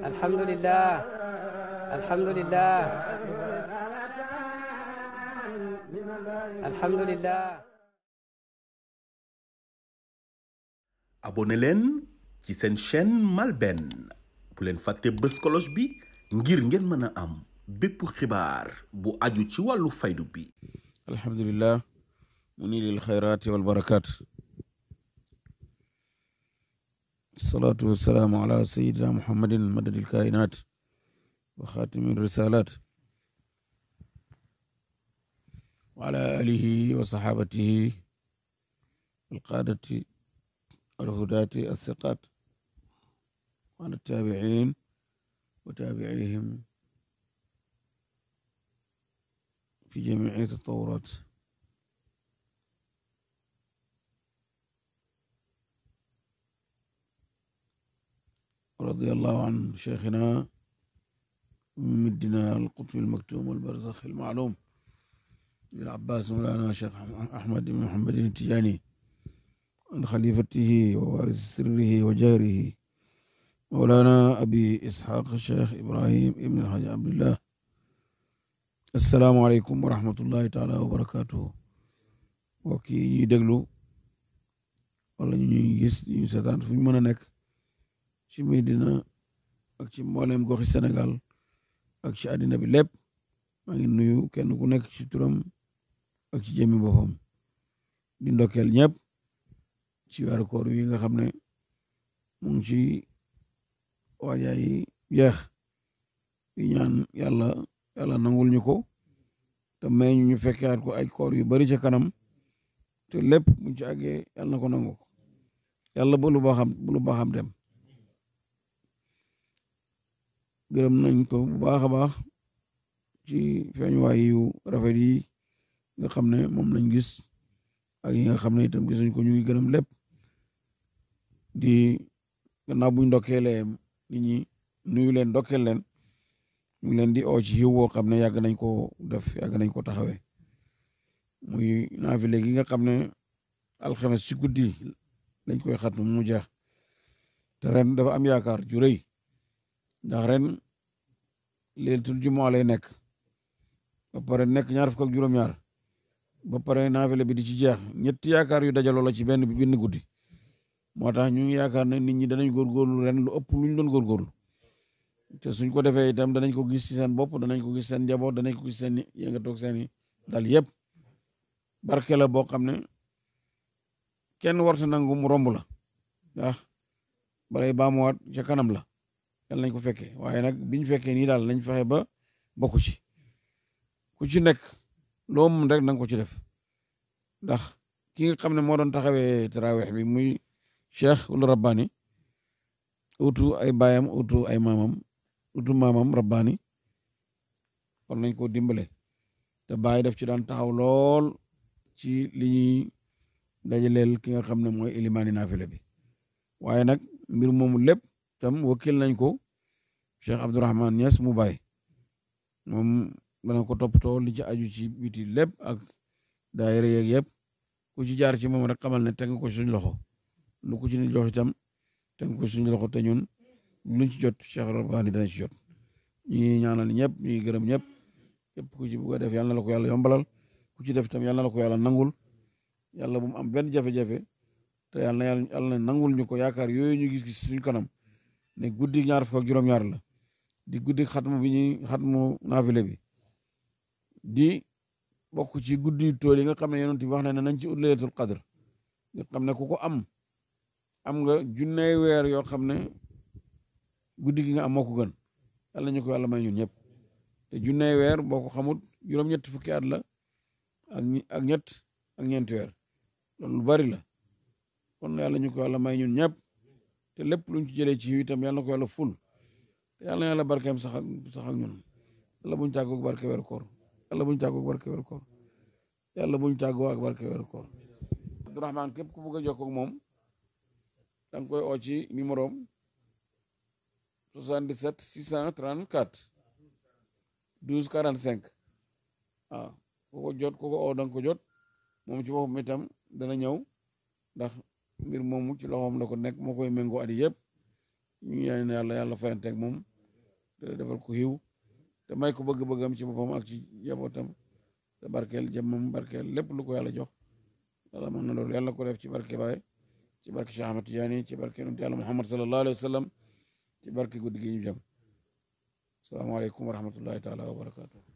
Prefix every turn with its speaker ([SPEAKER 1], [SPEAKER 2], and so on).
[SPEAKER 1] alhamdulilah alhamdulilah alhamdulilah abonné leen ci seen chaîne MALBN bu leen fàtte bës cloche bi ngir ngeen mën a am bépp xibaar bu aju ci wàllu faydu bi alhamdulilah mu ni lil xayraati wal barakaat salaatu wasalaamu ala sayidina muhammadin madadil kaayinaat wa xaatimi risalaat wa ala alihi wa saxaabatihi alqaadati alhudaati athiqaat wa ala taabiciin wa taabiciihim fi jamici tatawuraat radiyallahu an cheikhina mumiddina alqutbi almaktum albarzakh almaalum alabbas mawlana cheikh ahmad ibn muhammadin attijani an xalifatihi wa waris sirrihi wa jahrihi mawlana abi isxaq cheikh ibrahim ibn alhaji abdillah assalaamu aleykum wa rahmatullahi taala wa barakatuhu mbokk yi ñuy déglu wala ñuy gis ñu seetaan fu ñu mën a nekk ci Medina ak ci mboolem goxi senegal ak ci àddina bi lépp maa ngi nuyu kenn ku nekk ci turam ak ci jëmmi boppam di ndokkeel ci weeru kor wi nga xam ne mu ngi ci waajaa yi jeex di ñaan yàlla yàlla nangul ñu ko te may ñu ñu fekkaat ko ay koor yu bari ca kanam te lépp mu ci àggee yàlla na ko nangu yàlla bu lu baaxam dem gërëm nañ ko bu baax a baax ci feeñuwaay yu rafet yi nga xam ne moom lañ gis ak yi nga xam ne itam gisuñ ko ñu ngi gërëm lépp di gannaaw buñ ndokkeelee nit ñi nuyu leen ndokkeel leen ñu leen di oo ci yiw woo xam ne yàgg nañ koo def yàgg nañ ko taxawee muy naafile gi nga xam ne alxemes ci guddi lañ koy xatmu mu jeex te ren dafa am yaakaar ju ndax ren leeltul jumaa lay nekk ba pare nekk ñaar fukk ak juróom-ñaar ba pare naafila bi di ci jeex ñetti yaakaar yu dajaloo la ci benn bi benn guddi moo tax ñu ngi yaakaar ne nit ñi danañ góorgóorlu ren lu ëpp lu ñu doon góorgóorlu te suñ ko defee itam danañ ko gis ci seen bopp danañ ko gis seen njaboot danañ ko gis seen yënga toog seen dal yëpp barke la boo xam ne kenn warta nangu mu romb la ndax balay baamuwaat ca la yàlla nañ ko fekkee waaye nag biñ fekkee nii daal nañ fexe ba bokku ci ku ci nekk loo mën rek na ko ci def ndax ki nga xam ne moo doon taxawee taraweex bi muy cheikh wala rabbaani utu ay baayam utu ay maamam utu maamam rabbaani war nañ koo dimbale te bàyyi def ci daan taxaw lool ci li ñuy dajaleel ki nga xam ne mooy ilimaani naafila bi waaye nag mbir moomu lépp tam wakkil nañ ko Cheikh Abdourahman Niass mu bàyyi moom dana ko toppatoo li ci aju ci biti lépp ak daayira yeeg yëpp ku ci jaar ci moom rek xamal ne teg ko suñu loxo lu ku ci ni jox itam teg ko suñu loxo te ñun luñ ci jot Cheikh Rabbani dana ci jot ñu ngi ñaanal ñëpp ñu ngi gërëm ñëpp képp ku ci bëgg def yàlla na la ko yàlla yombalal ku ci def itam yàlla na la ko yàlla nangul yàlla bu mu am benn jafe te yàlla na yàlla nangul ñu ko yaakaar yooyu ñu gis ci suñu kanam ne guddi ñaar fukk ak ñaar la di guddi mu bi ñuy xatmu naafile bi di bokk ci guddi tool nga xam ne yonent bi wax na ne nañ ci ut laylatul qadr nga xam ne ku ko am am nga junney weer yoo xam ne guddi gi nga am moo ko gën yàlla ñu ko yàlla may ñun ñëpp te junney weer boo ko xamut juróom-ñetti fukki at la ak ak ñett ak weer loolu lu bari la kon yàlla ñu ko yàlla may ñun ñëpp te lépp luñ ci jëlee ci yiw itam yàlla na ko yàlla ful yàlla na barkeem sax ak sax ñun yàlla buñ tàggoo ak barke weeru koor yàlla buñ tàggoo ak barke weeru koor yàlla buñ tàggoo ak barke weeru ku bëgg a jokkoo moom danga koy oo ci numéro am 77 634 12 45 waaw ku ko ko oo danga ko jot moom ci boppam itam dana ñëw mbir moomu ci loxoom la ko nekk moo koy méngoo at yëpp ñu ñaan yàlla yàlla fayanteeg moom te defal ko xiw te may ko bëgg am ci boppam ak ci jabootam te barkeel jëmmam barkeel lépp lu ko yàlla jox yàlla mën na loolu yàlla ko def ci barke Baay ci barke Cheikh Ahmed ci barke yonent yàlla Muhammad sallallahu alayhi wa ci barke guddi gi ñu jëm salaamaaleykum wa rahmatullahi taala wa